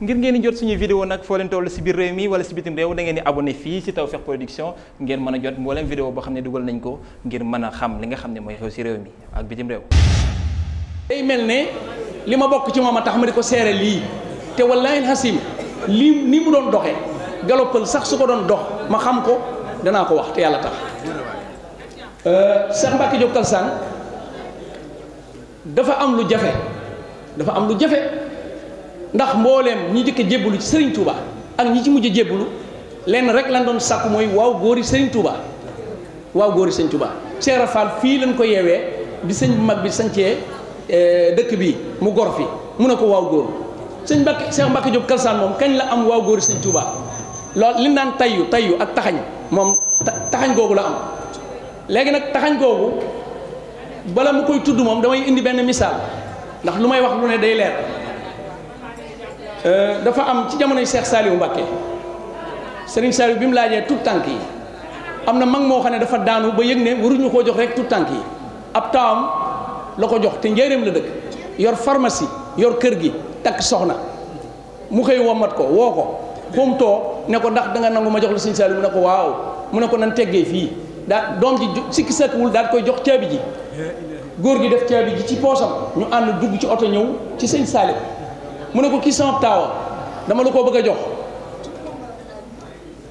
ngir ngeen jot suñu vidéo nag foo leen toll si biir réew mi wala si bitim réew da ngeen di abonné fii si Tawfekh Production ngeen mën a jot mbooleem vidéo boo xam ne dugal nañ ko ngir mën a xam li nga xam ne mooy xew si réew mi ak bitim réew day mel ne li ma bokk ci moom a tax ma di ko seere lii te wallaahi hasim lii ni mu doon doxee galopal sax su ko doon dox ma xam ko danaa ko wax te yàlla tax euh, Cheikh Mbacke Diop Kalsane dafa am lu jafe dafa am lu jafe ndax mbooleem ñi jëkk jébbulu ci sëriñ Touba ak ñi ci mujj jébbalu lenn rek lan doon sàkku mooy waaw góori sëriñ Touba waaw góori sëriñ Touba Cheikh Fall fii lañ ko yeewee bi sëñ bu mag bi sancee eh, dëkk bi mu gor fi mu ne ko waaw góor sëñ Mbacke Cheikh Mbacke Diop Kalsaan moom kañ la am waaw góori sëriñ Touba loolu li naan tayyu tayyu ak taxañ moom taxañ googu la am léegi nag taxañ googu bala mu koy tudd moom damay indi benn misaal ndax lu may wax lu ne day leer Euh, dafa am ci jamonoy Cheikh Saliou Mbacké sëniñ Saliou bi mu laajee tout tànk yi am na mag moo xam ne dafa daanu ba yëg ne waruñu koo jox rek tout tànk yi ab taawam la ko jox te njëriñ la dëkk yor pharmacie yor kër gi takk soxna mu xëy womat ko woo ko xóom too ne ko ndax danga nangu ma jox la Serigne Saliou mu ne ko waaw mu ne ko nan teggee fii daa doom ji sikki sëkkwul daal koy jox caabi ji góor gi def caabi ji ci poosam ñu ànd dugg ci oto ñëw ci Serigne Saliou mu ne ko kii sama taawa dama la koo bëgg a jox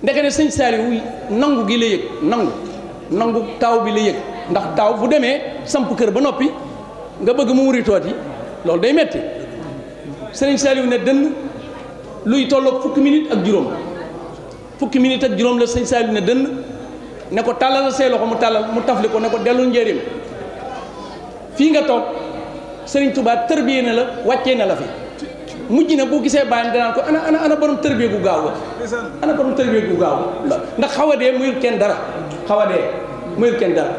ndeke ne sëñ Saliou nangu gi la yëg nangu nangu taaw bi la yëg ndax taaw bu demee samp kër ba noppi nga bëgg mu wuri toot yi loolu day metti sëriñ Saliou ne dënn luy tolloog fukki minit ak juróom fukki minute ak juróom la sëñ Saliou ne dënn ne ko tàllal say loxo mu tàllal mu tafli ko ne ko dellu njëriñ fii nga toog sëriñ Touba tërbiyee na la wàccee na la fi mujj na boo gisee bàyyam danaan ko ana ana ana borom tërbie gu gaaw ana borom tërbie gu gaaw ndax xaw a dee muyul kenn dara xaw a dee muyul kenn dara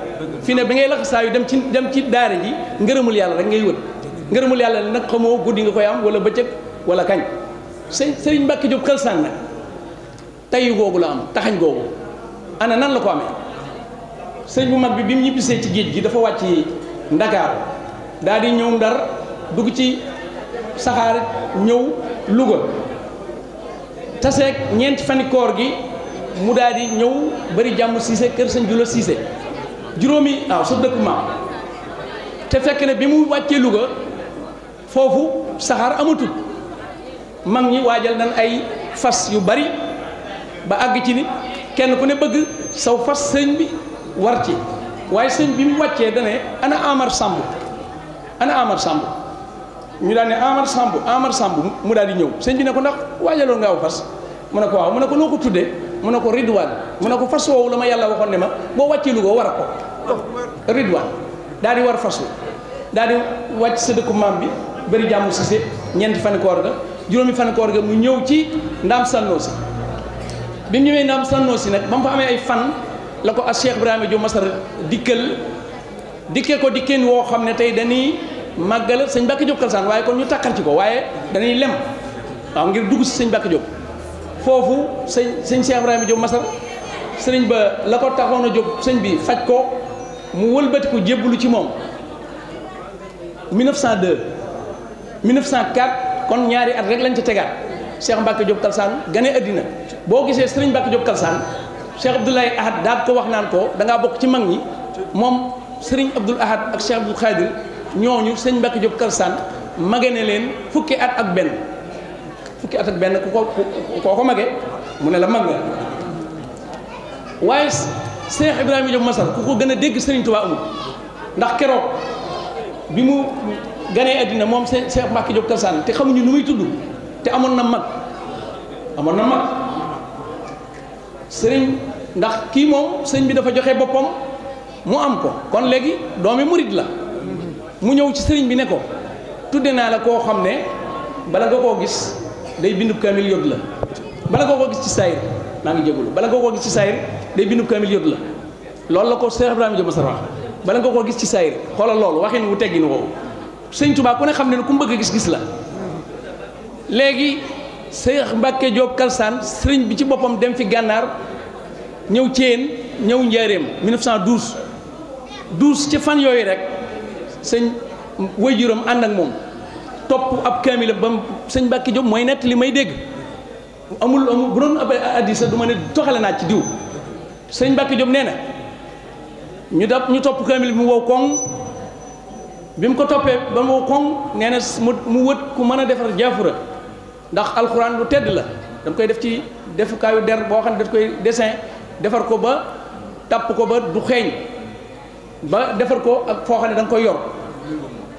fii ne bi ngay lax saa yu dem ci dem ci daara ji ngërëmul yàlla rek ngay wët ngërëmul yàlla nag xamoo guddi nga koy am wala bëccëg wala kañ sëñ sëriñ Mbàkke Jóob Kalsaan nag tayyu googu la am taxañ googu ana nan la ko amee sëñ bu mag bi bi mu ñibbisee ci géej gi dafa wàcc Ndakaaru daal di ñëw Ndar dugg ci saxaar ñëw Louga taseeg ñeenti fanikoor gi mu daldi di ñëw bari jàmm siise kër sëñ Jula siise juróomi waaw sa dëkk maam te fekk ne bi mu wàccee Louga foofu saxaar amatul mag ñi waajal nañ ay fas yu bari ba àgg ci ni kenn ku ne bëgg saw fas sëñ bi war ci waaye sëñ bi mu wàccee dane ana Amar Samb ana Amar Samb ñu daal ne Amar Samb Amar Samb mu daal di ñëw sëñ bi ne ko ndax waajaloon nga aw fas mu ne ko waaw mu ne ko noo ko tuddee mu ne ko Ridwaan mu ne ko fas woowu la ma yàlla waxoon ne ma boo wàccee ko war a ko Ridwaan daal di war fas daal di wàcc sa dëkku maam bi bëri jàmm si si ñeenti fan koor ga juróomi fan koor ga mu ñëw ci ndaam sànnoo bi mu ñëwee ndaam sànnoo si nag ba mu fa amee ay fan la ko ak Cheikh Ibrahima Diop Masar dikkal dikke ko dikkeen woo xam ne tey dañuy màggalal sëñ Mbàkke Jóob Kalsaan waaye kon ñu takkar ci ko waaye dañuy lem waaw ngir dugg si sëñ Mbàkke Jóob foofu sëñ sëñ Cheikh Ibrahima Jóob Masar sëriñ ba la ko taxoon a jóg sëñ bi faj ko mu wëlbatiku jébbalu ci moom 1902 1904 kon ñaari at rek lañ ci tegaat Cheikh Mbàkke Jóob Kalsaan gane àddina boo gisee sëriñ Mbàkke Jóob Kalsaan Cheikh Abdoulaye Ahad daal ko wax naan ko da bokk ci mag ñi moom sëriñ Abdoul Ahad ak Cheikh Abdoul Khadir ñooñu sëñ Mbacke Diop Kalsaan mage ne leen fukki at ak benn fukki at ak benn ku ko koo ko mage mu ne la mag nga waaye Cheikh Ibrahima Diop Masar ku ko gën a dégg Serigne Touba amul ndax keroog bi mu ganee àddina moom Cheikh Mbacke Diop Kalsaan te xamuñu nu muy tudd te amoon na mag amoon na mag sëriñ ndax kii moom sëñ bi dafa joxe boppam mu am ko kon léegi doomi murit la mu ñëw ci sëriñ bi ne ko tudde naa la koo xam ne bala nga koo gis day bindu kaamil yóbbu la bala nga koo gis ci saayir maa ngi jégalu bala nga koo gis ci saayir day bindu kaamil yóbbu la loolu la ko Cheikh Ibrahima Diop Masar wax bala nga koo gis ci saayir xoolal loolu waxin wu teggin woowu sëñ Tuubaa ku xam ne ne ku bëgg gis-gis la léegi Cheikh Mbacke Diop Kalsaan sëriñ bi ci boppam dem fi gànnaar ñëw Thiène ñëw Njaaréem 1912 12 ci fan yooyu rek. sëñ waajuram ànd ak moom topp ab kaamila ba sëñ Mbàkke Jóob mooy nett li may dégg amul amul bu doon ab addisa du ma ne toxale naa ci diw sëñ Mbàkke Jóob nee na ñu dab ñu topp kaamil bi mu wow koŋ bi mu ko toppee ba mu wow koŋ nee na mu wët ku mën a defar jaafura ndax alxuraan lu tedd la dama koy def ci defukaayu der boo xam ne daf koy dessin defar ko ba tàpp ko ba du xeeñ ba defar ko ak foo xam ne da koy yor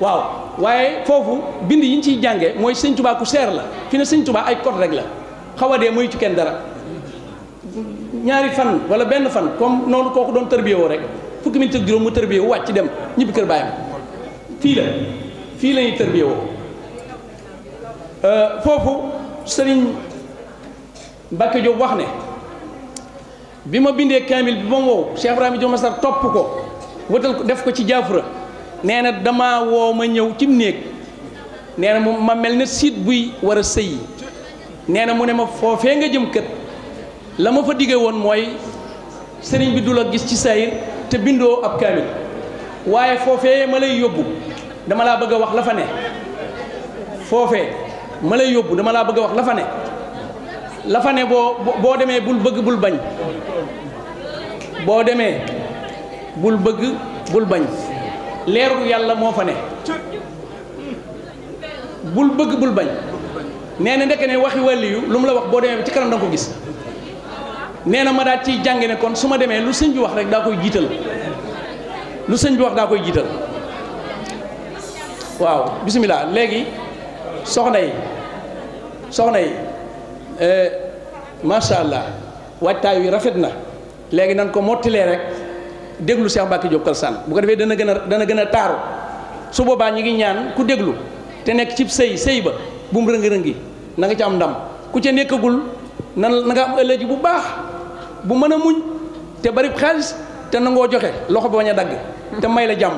waaw waaye foofu bind yi ñu ciy jànge mooy sëñ tubaa ku seer la fi ne sëñ tubaa ay code rek la xaw a dee muy ci kenn dara ñaari fan wala benn fan comme noonu kooku doon tërbiye woo rek fukki minute ak juróom mu tërbiye wu wàcc dem ñibbi kër baayam fii la fii la ñuy woo euh, foofu sëriñ Mbacke Diop wax ne bi ma bindee kaamil bi ba mu wow Cheikh Ibrahima ma Massar topp ko wëtal def ko ci jaafura nee na damaa woo ma ñëw ci néeg nee na mu ma mel ne siit buy war a sëyi nee na mu ne ma foofee nga jëm kët la ma fa diggee woon mooy sëriñ bi du la gis ci sayir te bindoo ab kaamil waaye foofee ma lay yóbbu dama laa bëgg a wax lafane foofe ne ma lay yóbbu dama laa bëgg a wax lafane fa boo boo demee bul bëgg bul bañ boo demee bul bëgg bul bañ leeru yàlla moo fa ne bul bëgg bul bañ nee na ndeke ne waxi wàlliyu lu mu la wax boo demee ci kanam da ko gis nee na ma daal ciy jànge ne kon su ma demee lu sëñ bi wax rek daa koy jiital lu sëñ bi wax daa koy jiital waaw bisimilah léegi soxna yi soxna yi eh, macha allah waajtaay wi rafet na léegi nan ko mottilee rek déglu Cheikh Mbacke Diop Kalsane bu ko defee dana gën a dana gën a taaru su boobaa ñu ngi ñaan ku déglu te nekk cib sëy sëy ba bu mu rëngi-rëngi na nga ci am ndam ku ca nekkagul na na am ëllëg bu baax bu mën a muñ te bari xaalis te nangoo joxe loxo ba bañ a dagg te may la jàmm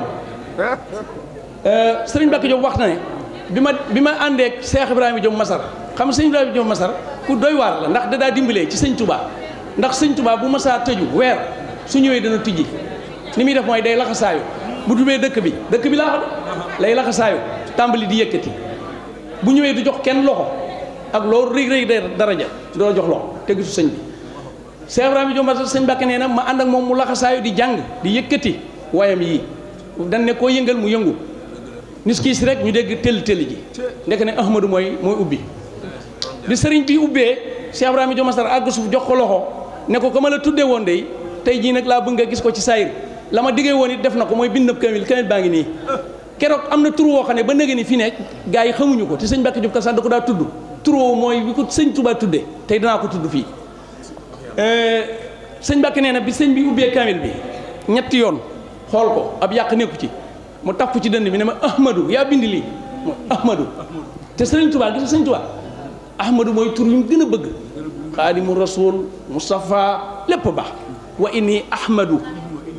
sëriñ euh, Mbacke Diop wax na ne bi ma bi ma àndeek Cheikh Ibrahima Diop Masar xam sëñ Ibrahima Diop Masar ku doy waar la ndax da dimbalee ci sëñ Touba ndax sëñ tubaa bu masaa tëju weer su ñëwee dana tijji ni muy def mooy day laxasaayu bu dubbee dëkk bi dëkk bi laa xam lay laxasaayu tàmbali di yëkkati bu ñëwee du jox kenn loxo ak loolu rëy rëy de daraja doo jox loxo te gisu sëñ bi Cheikh Ibrahima Diop Mbacke sëñ nee na ma ànd ak moom mu laxasaayu di jàng di yëkkati wayam yii dan ne koo yëngal mu yëngu nis kii rek ñu dégg tëll tëll ji ndek ne Ahmadou mooy mooy ubbi di sëriñ bi ubbee Cheikh Ibrahima Diop Masar àgg suuf jox ko loxo ne ko ko ma la tuddee woon de tey jii nag laa bëgg nga gis ko ci sayir la ma diggee woon it def na ko mooy bind ab kamil kamil baa ngi nii keroog am na tur woo xam ne ba nëgë ni fi nekk gars yi xamuñu ko te sëñ Mbàkke Jóob Kasa da ko daa tudd tur woowu mooy bi ko sëñ tubaa tuddee tey danaa ko tudd fii euh, sëñ Mbàkke nee nag bi sëñ bi ubbee kamil bi ñetti yoon xool ko ab yàq nekku ci mu tàpp ci dënd bi ne ma ahmadou yaa bind lii mooy ahmadou te sëñ Tuubaa gis sëñ Tuubaa ahmadou mooy tur yu mu gën a bëgg xaadimu rasul Mustafa lépp baax wa inni ahmadou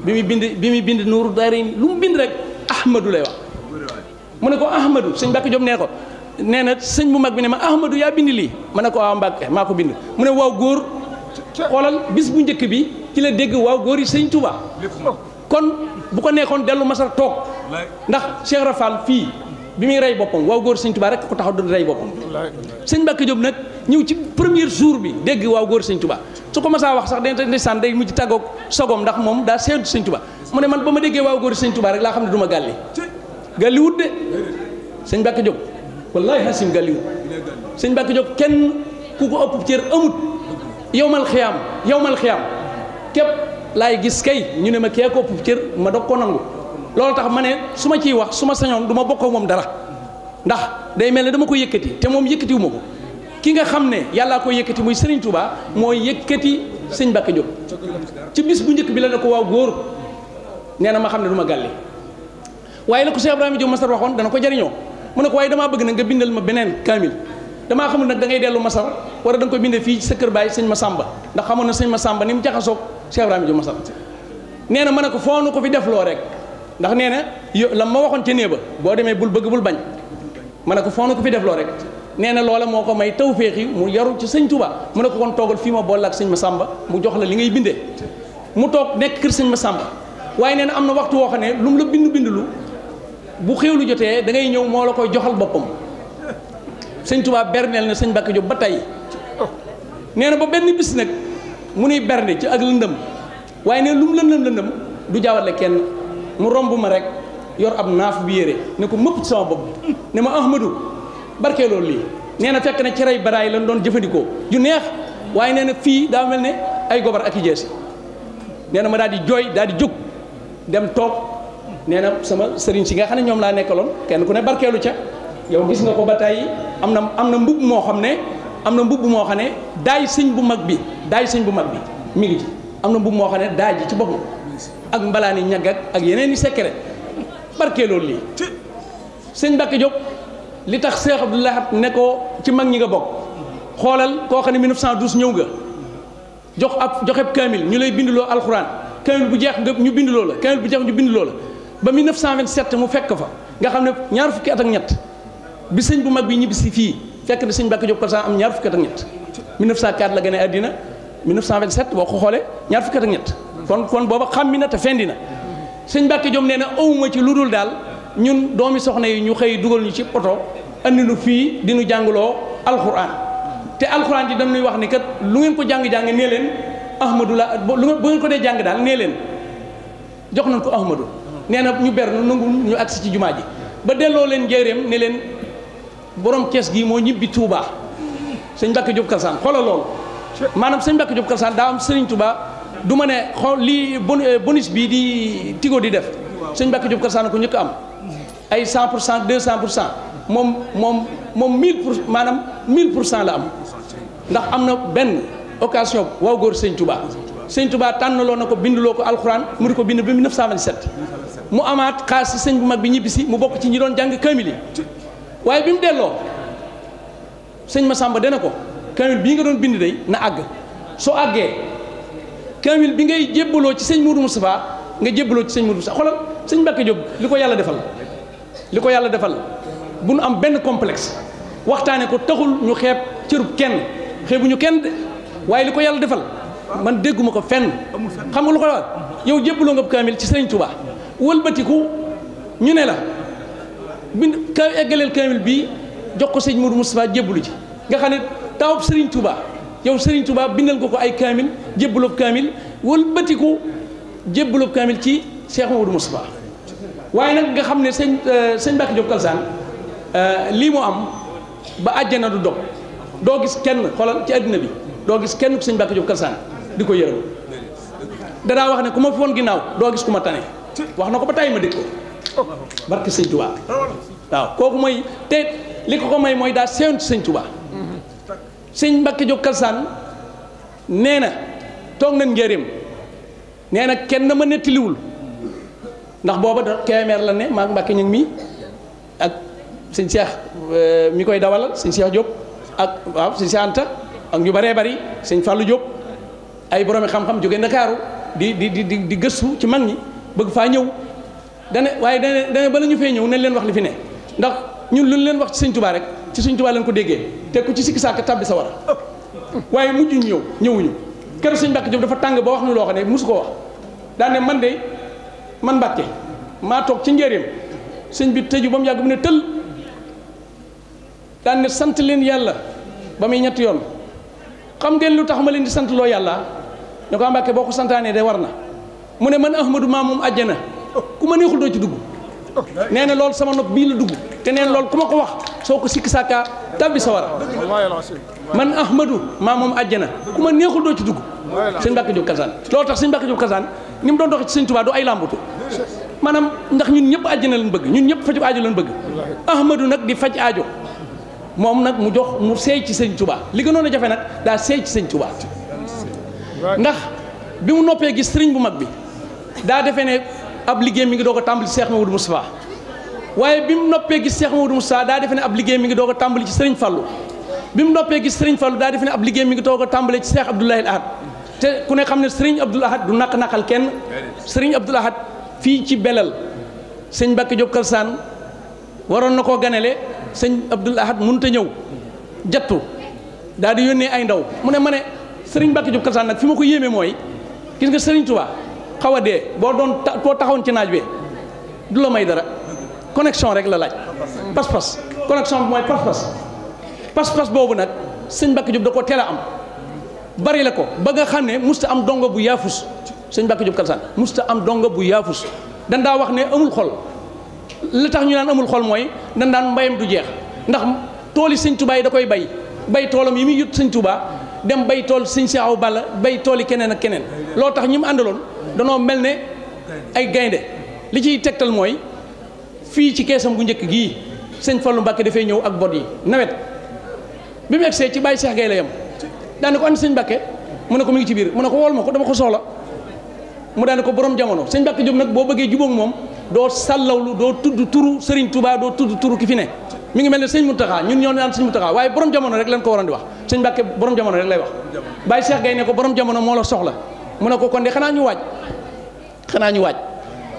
bi muy bind bi muy bind nuuru daarayni lu mu bind rek ahmadu lay wax mu ne ko ahmadu sëñ Mbàkke Jóob nee ko nee na sëñ bu mag bi ne ma ahmadu yaa bind lii ma ne ko waaw Mbàkke maa ko bind mu ne waaw góor xoolal bis bu njëkk bi ci la dégg waaw góor yi sëñ Tuubaa kon bu ko nekkoon dellu masar toog ndax Cheikh Rafal fii bi muy rey boppam waaw góor sëñ Tuubaa rek ku taxaw du rey boppam sëñ Mbàkke Jóob nag ñëw ci première jour bi dégg waaw góor sëñ Tuubaa su ko masaa wax sax day ndeysaan day mujj tàggoog sogom ndax moom daa séentu sëñ Tuubaa mu ne man ba ma déggee waaw góor sëñ Tuubaa rek laa xam ne du ma gàlli gàlli de sëñ bakk Jóob wallaahi hasim gàlli wut sëñ Mbàkke Jóob kenn ku ko ëpp cër amut yowmal xiyaam yowmal xiyaam képp laay gis kay ñu ne ma kee ko ëpp cër ma dog ko nangu loolu tax ma ne su ma ciy wax su ma sañoon du ma bokkoo moom dara ndax day mel ne dama ko yëkkati te moom yëkkatiwu ma ko ki nga xam ne yàllaa ko yëkkati muy Serigne tubaa moo yëkkati sëñ Mbacke Diop ci bis bu njëkk bi la ne ko waaw góor nee na ma xam ne du ma gàlle waaye la ko Cheikh Ibrahima Diop Masar waxoon dana ko jariñoo mu ne ko waaye damaa bëgg nag nga bindal ma beneen kaamil damaa xamul nag dangay ngay dellu Masar wala da nga ko bindee fii sa kër baay sëñ Massamba ndax xamoon na sëñ Massamba ni mu jaxasoog Cheikh Ibrahima Diop Masar nee na ma ne ko foo ko fi defloo rek ndax nee na yo ma waxoon ca néeba boo demee bul bëgg bañ ma ne foo nu ko fi defloo rek nee na loola moo ko may tawféex yi mu yaru ci sëñ Touba mu ne ko kon toogal fii ma boole ak ma Massamba mu jox la li ngay bindee mu toog nekk kër sëñ Massamba waaye nee na am na waxtu woo xam ne lu mu la bind bind lu bu xéwlu jotee da ngay ñëw moo la koy joxal boppam sëñ Touba berneel sëñ Bakka Diop ba tey nee na ba benn bis mu nuy berne ci ak lëndëm waaye ne lu mu lëndëm lëndëm du jaawale kenn mu romb ma rek yor ab naaf bi yére ne ko mëpp ci sama bopp ne ma Ahmadou barkee loolu lii nee na fekk na cere baraay lañ doon jëfandikoo yu neex waaye nee na fii daa mel ne ay gobar ak i jeesi nee na ma daal di jooy daal di jóg dem toog nee na sama sëriñ si nga xam ne ñoom laa nekkaloon kenn ku ne barkeelu ca yow gis nga ko ba tàyyi am na am na mbubb moo xam ne am na mbubb moo xam ne daay sëñ bu mag bi daay sëñ bu mag bi mi ngi am na mbubb moo xam ne daaj ji ci boppam ak mbalaani ñagg ak yeneen i secret barkeeloolu lii sëñ Mbacke Diop li tax Cheikh Abdou Lahad ne ko ci mag ñi nga bokk xoolal koo xam ne 1912 ñëw nga jox ab joxeb kaamil ñu lay bindiloo alxuraan kaamil bu jeex nga ñu bindiloo la kaamil bu jeex ñu bindiloo la ba 1927 mu fekk fa nga xam ne ñaar fukki at ak ñett bi sëñ bu mag bi ñibbi si fii fekk na sëñ Mbàkke Jóob Karsan am ñaar fukki at ak ñett 1904 la gane àddina 1927 boo ko xoolee ñaar fukki at ak ñett kon kon booba xàmmi na te fendi na sëñ Mbàkke Jóob nee na awma ci lu dul daal ñun doomi soxna yi ñu xëy dugal ñu ci poto andi nu fii dina nu jàngloo alxuraan te alxuraan ji dañuy wax ni kat lu ngeen ko jàng-jàng nee leen ahmadu la lu ngeen ko dee jàng daal nee leen jox nañ ko ahmadu nee na ñu ber na nangu ñu agsi ci jumaa ji ba delloo leen njéeréem ne leen borom kees gi moo ñibbi tuubaa sëñ Mbàkke Jóob Kalsaan xoola loolu maanaam sëñ Mbàkke Jóob Kalsaan daa am sëriñ Touba du ma ne xool lii bonus bii di tigo di def sëñ Mbàkke Jóob Kalsaan ko ñëkk am ay 100 pour cent 200 cent moom moom moom 1000 pour maanaam 1000 pour cent la am ndax am na benn occasion waaw góor sëñ Touba sëñ Touba tànnaloo na ko binduloo ko alxuraan mu di ko bind ba 1927 mu amaat xaas si sëñ bu mag bi ñibbi si mu bokk ci ñi doon jàng kaamil waaye bi mu delloo sëñ Massamba dana ko kaamil bii nga doon bind day na àgg soo àggee kaamil bi ngay jébbaloo ci sëñ Mourou Moustapha nga jébbaloo ci sëñ Mourou Moustapha xoolal sëñ Mbacke Diop li ko yàlla defal. li ko yàlla defal bu nu am benn complexe waxtaane ko taxul ñu xeeb cërub kenn xeebuñu kenn de waaye li ko yàlla defal man dégguma ko fenn xam nga lu ko yow jébbaloo nga ci sëriñ Touba ñu ne la bind ka eggaleel kaamil jox ko sëñ Mourou Moustapha jébbalu ji nga xam ne taawub sëriñ Touba yow sëriñ Touba bindal nga ko ay kaamil jébbaloo kaamil wëlbatiku jébbaloo kaamil ci Cheikh Mourou Moustapha waaye nag nga xam ne sëñ euh, sëñ Mbacke Diop Kalsaan euh, lii mu am ba àjjana du dog doo gis kenn xoolal ci àddina bi doo gis kenn ku sëñ Mbacke Diop Kalsaan di ko yërëm wax ne ku ma ginnaaw doo gis ku ma tane wax na ko ba tàyyi ma dégg ko barke sëñ Touba waaw kooku mooy te li ko ko may mooy daa seewoon sëñ Touba sëñ Mbacke Diop Kalsaan nee na toog nañ njëriñ nee na kenn ma tiliwul ndax booba da téeméer la ne maak Mbàkke ñu ngi mii ak sëñ Cheikh euh, mi koy dawalal sëñ Cheikh Diop ak waaw sëñ Cheikh Anta ak ñu baree bari sëñ Fallou Diop ay boroomi xam-xam jóge Ndakaaru di di di di gëstu ci mag ñi bëgg faa ñëw dane waaye dane dane ba ñu fee ñëw nañ leen wax li fi ne ndax ñun lu leen wax ci sëñ Touba rek ci sëñ Touba leen ko déggee te ku ci sikki sàkk tàbbi sa war a waaye mujj ñu ñëw ñëwuñu keroog sëñ Mbàkke Diop dafa tàng ba wax ñu loo xam ne mosu ko wax man Mbàkke maa toog ci njëriñam sëñ bi tëju ba mu yàgg mu ne tël daan ne sant leen yàlla ba muy ñetti yoon xam ngeen lu tax ma leen di sant loo yàlla ñu ko ah, Mbàkke boo ko santaanee de war na mu ne man Ahmadu maa moom àjjana ku ma neexul doo ci dugg nee na loolu sama nopp bii la dugg te loolu ku ma ko wax soo ko sikki sàkka tabbi sa war man Ahmadu maa moom àjjana ku ma neexul doo ci dugg sëñ Mbàkke Jóob Kasaan loolu tax sëñ Mbàkke Jóob Kasaan ni mu doon doxee ci sëñ Tuubaa du ay làmbatu maanaam ndax ñun ñëpp na lañ bëgg ñun ñëpp faju aajo lañ bëgg ahmadu nag di faj ajo moom nag mu jox mu seey ci sëñ Tuubaa li gënoon a jafe nag daa seey ci sëñ Tuubaa ndax bi mu noppee gis sëriñ bu mag bi daa defee ne ab liggéey mi ngi doog a tàmbali Cheikh Mamadou Moustapha waaye bi mu noppee gis Cheikh Mamadou Moustapha daa defe ne ab liggéey mi ngi doog a tàmbali ci sëriñ Fallou bi mu noppee gis sëriñ Fallou daa defee ne liggéey mi ngi doog a tàmbali ci Cheikh Abdoulaye Ahad te ku ne xam ne Serigne Abdoul Ahad du naq-naqal kenn Serigne Abdoul Ahad fii ci belal sëñ Mbacke Diop Kalsaan waroon na koo ganale sëñ Abdoul Ahad mënut a ñëw jattu daal di yónnee ay ndaw mu ne ma ne Serigne Mbacke Diop Kalsaan nag fi ma ko yéeme mooy gis nga Serigne Touba xaw a dee boo doon boo taxawoon ci naaj bi du la may dara connexion rek la laaj pas-pas connexion bi mooy pas-pas pas-pas boobu nag sëñ Mbacke Diop da koo teel a am. bari la ko ba nga xam ne musta am dongo bu yaafus sëñ Mbàkke Jóob Kalsaan musta am dongo bu yaafus dan daa wax ne amul xol li tax ñu naan amul xol mooy dan daan mbayam du jeex ndax tooli sëñ Tuubaa yi da koy bay bay toolam yi muy yut sëñ Tuubaa dem bay tool sëñ Seexu Balla bay tooli keneen ak keneen loo tax ñi mu àndaloon danoo mel ne ay gaynde li ciy tegtal mooy fii ci keesam bu njëkk gii sëñ Fallu Mbàkke dafay ñëw ak bot yi nawet bi mu egsee ci bàyyi Seex yam daane ko andi sëñ Mbàkke mu ne ko mu ngi ci biir mu ne ko wol ma ko dama ko soxla mu daane ko borom jamono sëñ Mbàkke Jóob nag boo bëggee jubóog moom doo sàllawlu doo tudd turu Serigne Touba doo tudd turu ki fi ne mi ngi mel ne sëñ Mountakha ñun ñoo naan sëñ Mountakha waaye borom jamono rek lañ ko waroon di wax sëñ Mbàkke borom jamono rek lay wax Baye Cheikh Gaye ne ko borom jamono moo la soxla mu ne ko kon de xanaa ñu waaj xanaa ñu waaj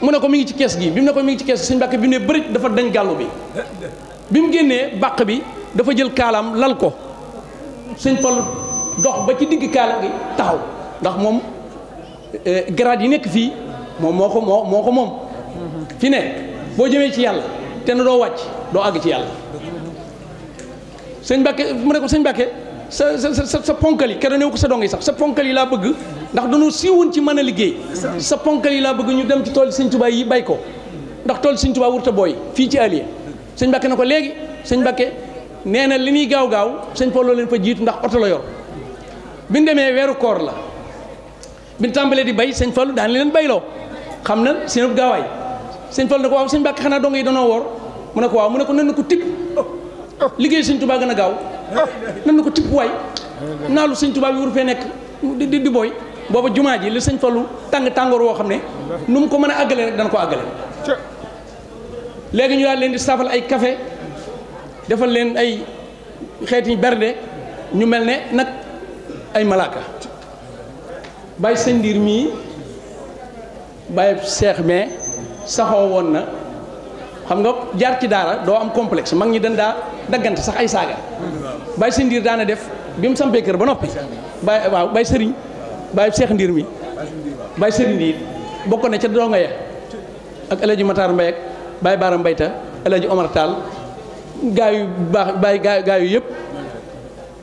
mu ne ko mi ngi ci kees gi bi mu ko mi ngi ci kees gi sëñ bi ne bëri dafa dañ gàllu bi bi mu génnee bàq bi dafa jël kaalaam lal ko dox ba ci digg kaala gi taxaw ndax moom euh, garaad yi nekk fii moom moo ko moo moo ko moom fi ne boo jëmee ci yàlla te na doo wàcc doo àgg ci yàlla sëñ Mbàkke mu nekk ko sëñ Mbàkke sa sa sa sa ponkal yi keroog néew ko sa dong yi sax sa ponkal yi laa bëgg ndax dañoo siiwoon ci mën a liggéey sa ponkal yi laa bëgg ñu dem ci tool sëñ Tuubaa yi bay ko ndax tool sëñ Tuubaa wurta booy fii ci Aliya sëñ Mbàkke na ko léegi sëñ Mbàkke nee na li muy gaaw gaaw sëñ Paul leen fa jiitu ndax oto la yor bi ñu weeru koor la bi ñu di bay sëñ Fallu daan leen bayloo xam na seen gaawaay sëñ Fallu ne ko waaw sëñ Mbàkke xanaa dong yi danoo woor mu ne ko waaw mu ne ko nan na ko tipp liggéey sëñ Tuubaa gën a gaaw nan na ko tipp waay naalu sëñ Tuubaa bi wuru fee nekk di di booy booba jumaa ji li sëñ Fallu tàng tàngoor woo xam ne nu mu ko mën a àggale rek dana ko àggale léegi ñu daal leen di saafal ay café defal leen ay xeet xeeti bernde ñu mel ne nag ay malaaka bàyyi seen ndiir mii bàyyi seex mais saxoo woon na xam nga jaar ci daara doo am complexe mag ñi dañ daa daggante sax ay saaga bàyyi seen ndiir daana def bi mu sampee kër ba noppi bàyyi waaw bàyyi sëriñ bàyyi seex ndiir mi bàyyi bokk na ca donga ya ak El Hadj Matar Mbaye ak Mbayta El Hadj Omar Tall gaa yu baax Baye gaa yu yëpp.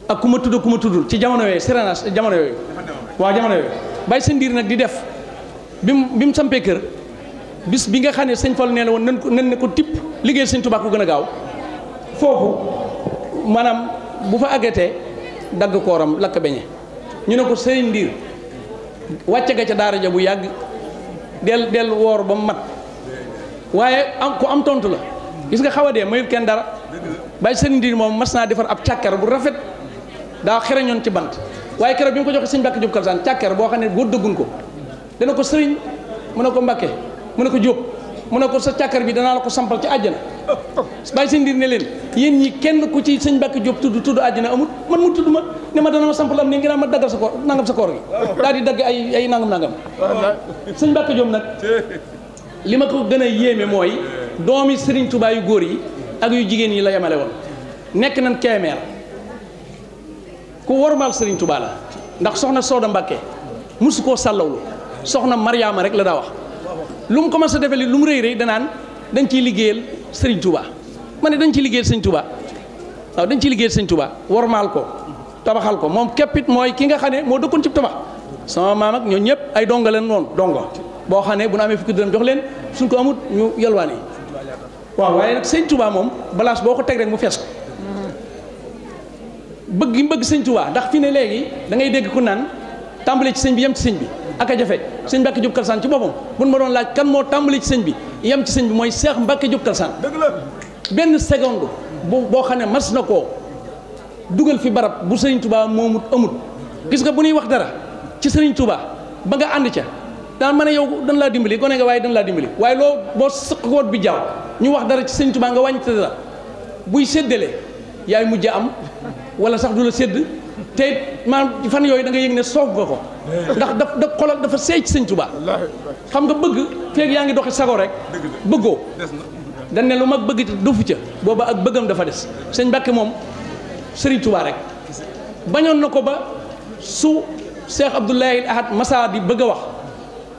ak ku ma tudd ku ma tuddul ci jamono yooyu sérénage jamono yooyu waaw jamono yooyu bàyyi seen nag di def bi mu bi mu sampee kër bis bi nga xam ne sëñ Fall nee na woon nan ko nan ne ko tipp liggéey sëñ Tuubaa ko gën a gaaw foofu maanaam bu fa àggatee dagg kooram lakk beñe ñu ne ko sëñ ndiir wàcce ga ca daara ja bu yàgg del del woor ba mu mat waaye am ku am tontu la gis nga xaw a dee mayut kenn dara bàyyi sëñ moom mas naa defar ab càkkar bu rafet daa xereñoon ci bant waaye keroog bi mu ko joxe sëñ Mbàkke Jóob Kalsaan càkkeer boo xam ne góor dëggun ko dana ko sëriñ mu ne ko Mbàkke mun ne ko Jóob mun ne ko sa càkkar bi danaa la ko sampal ci àjjana bàyyi seen dir ne leen yéen ñi kenn ku ci sëñ Mbàkke Jóob tudd tudd àjjana amut man mu tudd ma ne ma dana ma sampal am ne ngi naa ma daggal sa koor nangam sa koor gi daal di dagg ay ay nangam nangam sëñ Mbàkke Jóob nag li ma ko gën a yéeme mooy doomi sëriñ Tuubaa yu góor yi ak yu jigéen yi la yemale woon nekk nan keemeer ku wormaal sëriñ Touba la ndax soxna Sooda Mbàkke musu koo sàllawlu soxna Mariama rek la daa wax lu mu commencé defe li lu mu rëy rëy danaan dañ ciy liggéeyal sëriñ Touba ma ne dañ ciy liggéeyal sëriñ Touba dañ ciy liggéeyal sëriñ Touba wormaal ko tabaxal ko moom képpit mooy ki nga xam ne moo dëkkoon ci tabax sama maam ak ñoo ñëpp ay donga leen noonu dongo boo xam ne bu nu amee fukki dërëm jox leen suñ ko amut ñu yalwaane waaw waaye nag sëriñ Touba moom balaas boo ko teg rek mu fees bëgg gi mbëgg sëñ tubaa ndax fi ne léegi da ngay dégg ku naan tàmbali ci sëñ bi yem ci sëñ bi aka jafe sëñ Mbàkke Jóob Kalsaan ci boppam bu ma doon laaj kan moo tàmbali ci sëñ bi yem ci sëñ bi mooy Seex Mbàkke Jóob Kalsaan benn seconde bu boo xam ne mas na koo dugal fi barab bu sëriñ Tuubaa moomut amut gis nga bu ñuy wax dara ci sëriñ tubaa ba nga ànd ca daan ma ne yow dañ laa dimbali gone nga waaye dañ laa dimbali waaye loo boo sëqkoot bi jaaw ñu wax dara ci sëriñ Tuubaa nga wàññi dara buy séddale yaay mujj am wala sax du la sédd te maanaam fan yooyu danga nga yëg ne soog nga ko ndax daf da xolal dafa seey ci sëñ tubaa xam nga bëgg feeg yaa ngi doxe sago rek bëggoo dañ ne lu mag bëgg ci dofu ca booba ak bëggam dafa des sëñ Mbàkke moom sëriñ Tuubaa rek bañoon na ko ba su Cheikh Abdoulaye Ahad Massa di bëgg a wax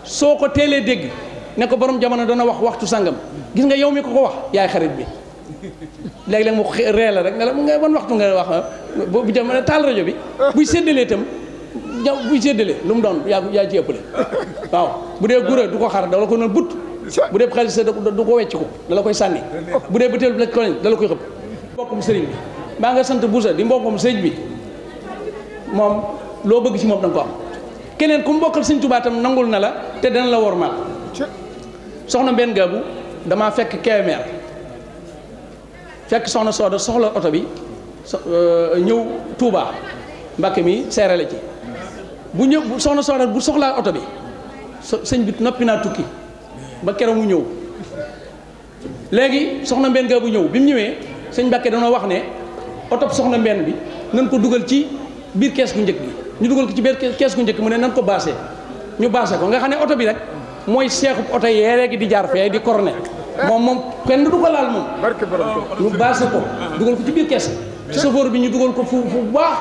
soo ko teelee dégg ne ko borom jamono dana wax waxtu sàngam gis nga yow mi ko ko wax yaay xarit bi léeg-léeg mu ree la rek nga la nga ban waxtu nga wax ah? bu jamono taal rajo bi buy séddalee itam buy séddalee lu mu doon yaa yaa ci ëppale waaw bu dee gura du ko xar da la ko noon but bu dee xaalis du ko wecc ko da la koy sànni bu dee bëtéel bi la ko dala da la koy xëpp mbokkum sëriñ bi maa nga sant buusa di mbokkum sëriñ bi moom loo bëgg ci moom da ko am keneen ku mbokkal sëñ Tuubaa tam nangul na la te dana la wormaal soxna benn gaabu damaa fekk Kébémer fekk soxna sooda soxla oto bi euh, ñëw Touba Mbàkke mi seere ci bu ñëw soxna sooda bu soxlaa oto bi sëñ bi noppi naa tukki ba keroog mu ñëw léegi soxna mbenn ga bu ñëw bi mu ñëwee sëñ Mbàkke danoo wax ne oto soxna mbenn bi nan ko dugal ci biir kees gu njëkk gi ñu dugal ko ci biir kees gu njëkk mu ne nan ko baase ñu baase ko nga xam ne oto bi rek mooy seexub oto yee léegi di jaar fee di korne moom moom kenn du ko laal moom. ñu baase ko dugal ko ci biir kees chauffeur bi ñu dugal ko fu fu baax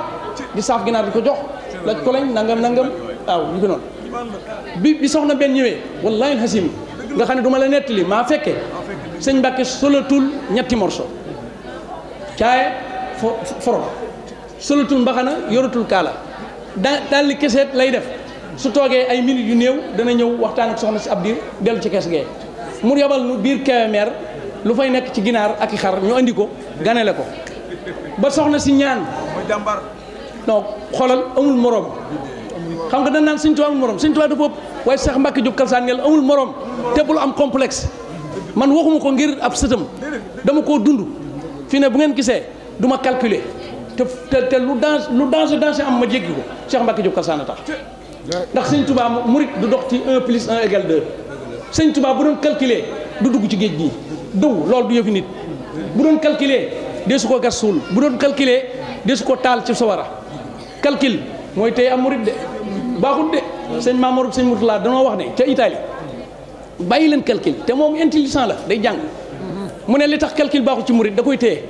di saaf ginaar di ko jox laaj ko lañ nangam nangam waaw ñu ko noonu bi bi soxna benn ñëwee wallaahi xasim nga xam ne du ma la nettali maa fekkee sëñ Mbàkke solatul ñetti morso caaye fo solatul mbaxana yoratul kaala da daal keseet lay def su toogee ay minutes yu néew dana ñëw waxtaan ak soxna si ab diir dellu ci kees gee mu yabal nu biir Kébémer lu fay nekk ci ginaar ak i xar ñu andi ko ganale ko ba soxna si ñaan donc xoolal amul morom xam nga dañ naan Sëñ Tuubaa amul morom Sëñ Tuubaa dafa ëpp waaye Seex Mbàkke Jóob Kalsaan ngel amul morom te bul am complexe man waxuma ko ngir ab sëtam dama koo dund fii ne bu ngeen gisee du ma calculer te te lu danse lu danse danse am ma jéggi ko Seex Mbàkke Jóob Kalsaan a tax ndax Sëñ Tuubaa murit du dox ci 1 plus 1 égale 2 sëñ Tuubaa bu doon calculer du dugg ci géej gi dugg loolu du yëfi nit bu doon calculer dee su ko gas suul bu doon calculer dee su ko taal ci sawara calcul mooy tey am murit de baaxut de sëñ Mamour sëñ Mourtala danoo wax ne ca Italie bàyyi leen calcul te moom intelligent la day jàng mu ne li tax calcul baaxut ci murit da koy téye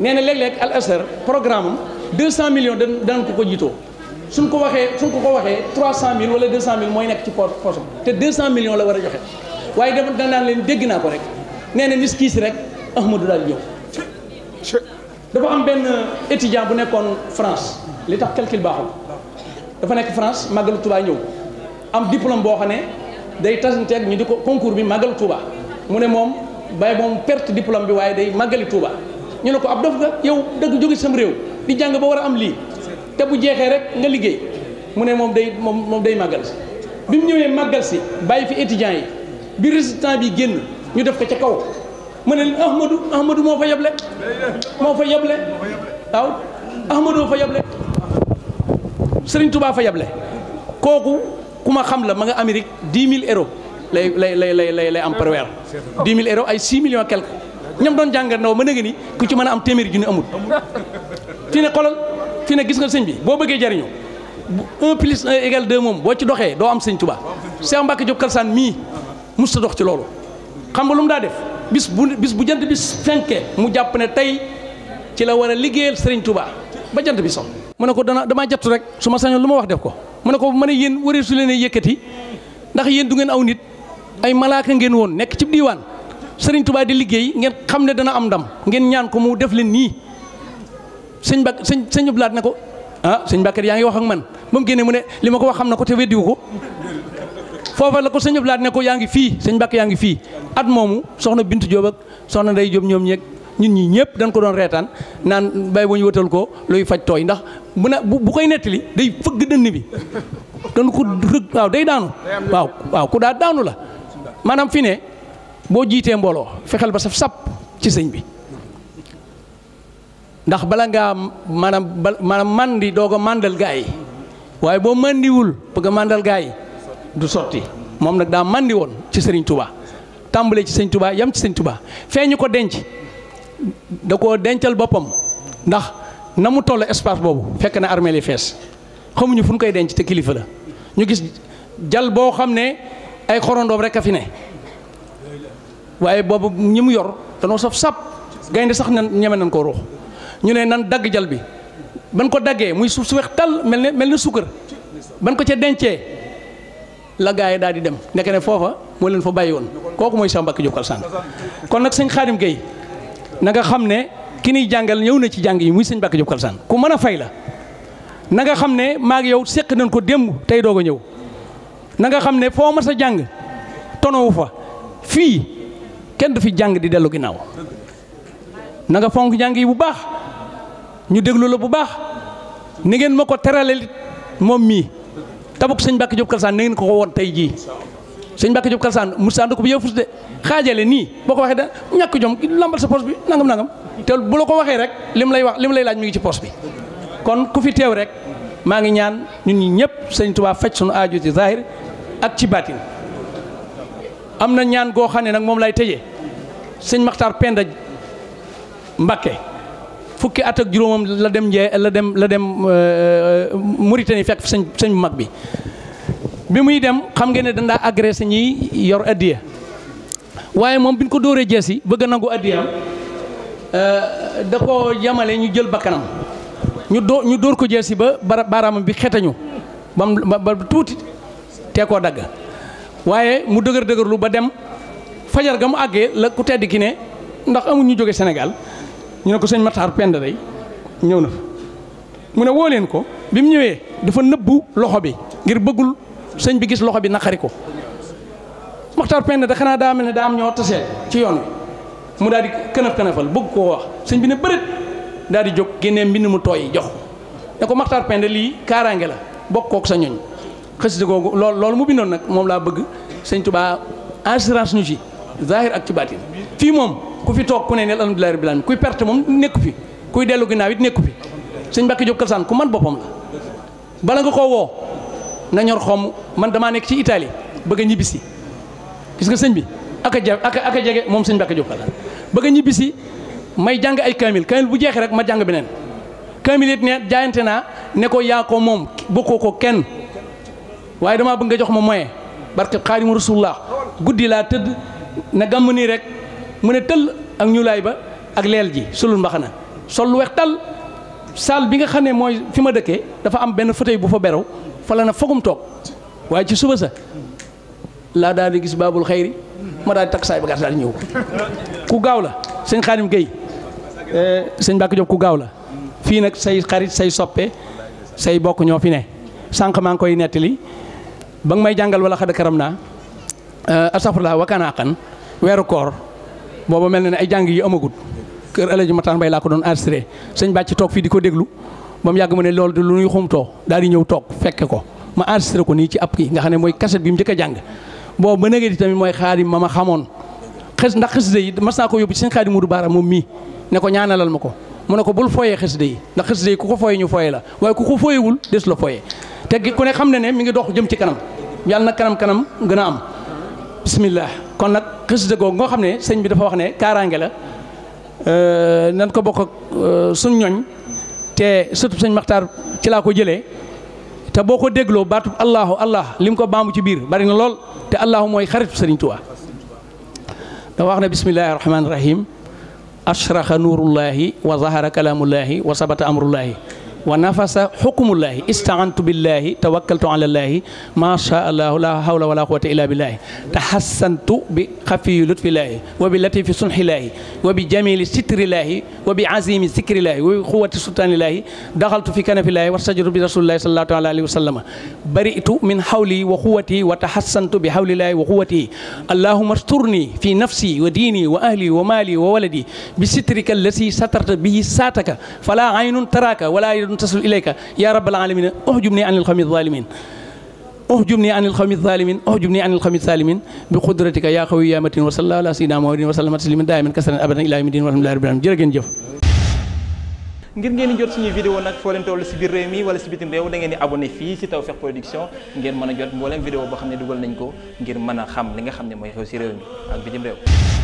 nee na léeg-léeg Al Azhar programme am 200 millions dañ ko ko jiitoo su suñ ko waxee suñ ko ko waxee 300000 wala 200000 mooy nekk ci poche poche te 200 millions la war a joxe waaye dafa danaan leen dégg ko rek nee na nis kii si rek Ahmadou daal ñëw. dafa am benn étudiant bu nekkoon France li tax calcul baaxul dafa nekk France màggalu Touba ñëw am diplôme boo xam ne day tasanteeg ñu di ko concours bi màggalu Touba mu ne moom ba moom perte diplôme bi waaye day màggali Touba ñu ne ko ab dof nga yow dëgg jóge sam réew di jàng ba war a am lii. te bu jeexee rek nga liggéey mu ne moom day moom moom day màggal si bi mu ñëwee màggal si bàyyi fi étudiants yi bi résultat bi génn ñu def ko ci kaw mu ne leen Ahmadou Ahmadou moo fa yeble moo fa yeble waaw Ahmadou moo fa yable Serigne Touba fa yeble kooku ku ma xam la ma nga Amérique 10 mille euros lay lay lay lay lay am par weer 10 000 ay 6 millions quelque ñam doon jàngat ndaw mën na nga ni ku ci mën a am téeméeri junni amul fi ne xoolal. fi ne gis nga sëñ bi boo bëggee jariñu un plus un égal deux moom boo ci doxee doo am sëñ tubaa Cheikh Mbacke Diop Kalsaan mii musta dox ci loolu xam nga lu mu daa def bis bu bis bu jant bi fenke mu jàpp ne tey ci la war a liggéeyal sëriñ tubaa ba jant bi so mu ne ko dana damaa jattu rek su ma sañoon lu ma wax def ko mu ne ko ma ne yéen waree su leen yëkkati ndax yéen du ngeen aw nit ay malaaka ngeen woon nekk ci biiwaan sëriñ tubaa di liggéey ngeen xam ne dana am ndam ngeen ñaan ko mu def leen nii sëñ Mbàkke sëñ sëñ Abdu Lahat ne ko ah sëñ Mbàkke yaa ngi wax man ba mu génnee mu ne li ma ko wax xam na ko te weddiwu ko foofa la ko sëñ Abdu ne ko yaa ngi fii sëñ Mbàkke yaa ngi fii at moomu soxna Bintu Jóob soxna day Jóob ñoom ñeeg ñun ñii ñëpp dañ ko doon reetaan naan bay bu ñu wëtal ko luy faj tooy ndax bu na bu koy nettali day fëgg dënn bi dañ ko rëg waaw day daanu waaw waaw ku daa daanu la maanaam fi ne boo jiitee mbooloo fexeel ba saf sap ci sëñ bi ndax bala ngaa maanaam ba maanaam mandi doo ko màndal gaa yi waaye boo mandiwul bëgg a màndal gaa yi du sotti moom nag daa mandi woon ci sëriñ Touba tàmbalee ci sëñ Touba yam ci sëñ Touba fee ñu ko denc da koo dencal boppam ndax na mu toll espace boobu fekk na armée yi fees xamuñu fu koy denc te kilifa la ñu gis jal boo xam ne ay xorondoom rek a fi ne waaye boobu ñi mu yor danoo saf sap gaynde sax na ñeme nañ koo ruux ñu ne nan dagg jal bi ban ko daggee muy suuf su weex tàll mel ne mel ne sukkar ban ko ca dencee la gaa yi daal di dem nekk ne foofa moo leen fa bàyyi woon kooku mooy Cheikh Mbacke Diop Kalsane kon nag sëñ Xaadim Gueye na nga xam ne ki niy jàngal ñëw na ci jàng yi muy sëñ Mbacke Diop Kalsane ku mën a fay la na nga xam ne maag yow seq nañ ko démb tey doo ko ñëw nanga xam ne foo mas a jàng tonowu fa fii kenn du fi jàng di dellu ginnaaw na fonk jàng yi bu baax. ñu déglu la bu baax ni ngeen ma ko terale moom mii tabuk sëñ Mbàkke Jóob Kalsaan na ngeen ko ko woon tey jii sëñ Mbàkke Jóob Kalsaan musta ànd ko bu yëfus de xaajale nii boo ko waxee da ñàkk jom lambal sa poos bi nangam nangam te bu la ko waxee rek lim lay wax lim lay laaj mi ngi ci poos bi kon ku fi teew rek maa ngi ñaan ñun ñi ñëpp sëñ Tuubaa faj sunu aajo ci zahir ak ci baatin am na ñaan goo xam ne nag moom lay tëjee sëñ Maxtaar Penda Mbàkke fukki at ak juróomam la dem njee la dem la dem euh, euh, Mauritanie fekk sëñ sëñ bu mag bi bi muy dem xam ngeen ne dandaa agressé sañuy yor addiya waaye moom bi ñu ko dóoree jees yi bëgg nangu addiyam euh, da ko yamale ñu jël bakkanam ñu dóor ñu dóor ko jees yi ba baraamam bi xetañu ba ba tuuti te koo dagg waaye mu dëgër dëgërlu ba dem fajar ga mu àggee la ku tedd ki ne ndax amuñ ñu jóge Sénégal ñu ne ko sëñ Matar Penda day ñëw na mu ne woo leen ko bi mu ñëwee dafa nëbbu loxo bi ngir bëggul sëñ bi gis loxo bi naqari ko Matar Penda da xanaa daa mel ne daa am ñoo tasee ci yoon mu daal di kënëf kënëfal bëgg koo wax sëñ bi ne bërët daal di jóg génnee mbind mu tooy jox ne ko Matar Penda lii kaaraange la bokk kook sa ñoñ xasida googu lool loolu mu bindoon nag moom laa bëgg sëñ Tuubaa assurance ñu ci zahir ak ci baatin fii moom ku fi toog ku ne neel alhamdulilah rabbil alamin kuy perte moom nekku fi kuy dellu ginnaaw it nekku fi sëñ Mbàkke Jóob Kalsaan ku man boppam la bala nga koo woo na ñor xomm man damaa nekk ci Italie bëgg a ñibbisi gis nga sëñ bi ak a ja moom sëñ Mbàkke Jóob Kalsaan ñibbisi may jàng ay kaamil kaamil bu jeexee rek ma jàng beneen kaamil it ne jaayante naa ne ko yaa moom bokkoo ko kenn waaye dama bëgg nga jox ma moyen barke Xaadimu Rasulullah guddi laa tëdd na gàmm nii rek mu ne tëll ak ñuulaay ba ak leel ji sulul mbaxana sol lu weex tal saal bi nga xam ne mooy fi ma dëkkee dafa am benn fauteuil bu fa beraw fa la na fogum toog waaye ci suba sa laa daal di gis baabul xayri ma daal di takk saay ba gàtt di ñëw ku gaaw la sëñ Xaadim Guèye eh, sëñ Mbacke Diop ku gaaw la fii nag say xarit say soppe say bokk ñoo fi ne sànq maa ngi koy nettali ba nga may jàngal wala xada karam naa eh, asafurlaa wakkaanaa xan weeru koor booba mel na ne ay jàng yi amagut kër El Hadj Matar Mbaye laa ko doon enregistré sëñ bàcc toog fii di ko déglu ba mu yàgg ma ne lool de lu ñuy xumtoo daal di ñëw toog fekke ko ma enregistré ko nii ci ab kii nga xam ne mooy kaset bi mu njëkk jàng boobu ba nagee di tamit mooy xaadim ma ma xamoon xës ndax xësida yi mas naa ko yóbbu ci sëñ xaadim Mudu Baara moom mii ne ko ñaanalal ma ko mu ne ko bul fooyee xësida yi ndax xësida yi ku ko fooyee ñu fooyee la waaye ku ko fooyewul des la fooyee te ku ne xam ne ne mi ngi dox jëm ci kanam yàlla na kanam-kanam gën a am bismillah kon nag xasida googu nga xam ne sëñ bi dafa wax ne kaaraange la euh, nan ko bokk ak euh, suñ ñoñ te surtout sëñ Maxtaar ci laa ko jëlee te boo ko dégloo baatu allahu allah lim ko baamu ci biir bari na lool te allahu mooy xaritu sëriñ Tuubaa dafa wax ne bismillahi rahmaani rahim ashraxa nuurullahi wa zahara kalaamullahi wa sabata amrullahi wa nafasa xukumullaahi istaantu billaahi tawakkaltu ala llaahi maa shaa allaahu laa hawla wala quwata illaa billaahi taxassantu bi xafiyi lutfillaahi wa bi latifi sunxillaahi wa bi jamili sitrillaahi wa bi azimi zikrillaahi wa bi quwati sultaanillaahi daxaltu fi kanafillaahi wa sajadu bi rasulillahi sallallahu taala alayhi wa sallama baritu min xawli wa quwati wa taxassantu bi xawlillaahi wa quwati allahuma sturni fi nafsi wa diini wa ahli wa maali wa waladi bi sitrika allasi satarta bihi saataka fala aynun taraka wala rahmatun tasul ilayka ya rabbal alamina uhjubni anil qawmi zalimin uhjubni anil qawmi zalimin uhjubni anil qawmi zalimin bi qudratika ya qawi ya matin wa sallallahu ala sayyidina muhammadin wa sallam tasliman daiman kasaran abadan ila yawmiddin walhamdulillahi rabbil alamin jërë ngeen jëf ngir ngeen di jot suñuy vidéo nag foo leen toll si biir réew mi wala si bitim réew da ngeen di abonné fii si Tawfekh Production ngeen mën a jot mbooleem vidéo boo xam ne dugal nañ ko ngir mën a xam li nga xam ne mooy xew si réew mi ak bitim réew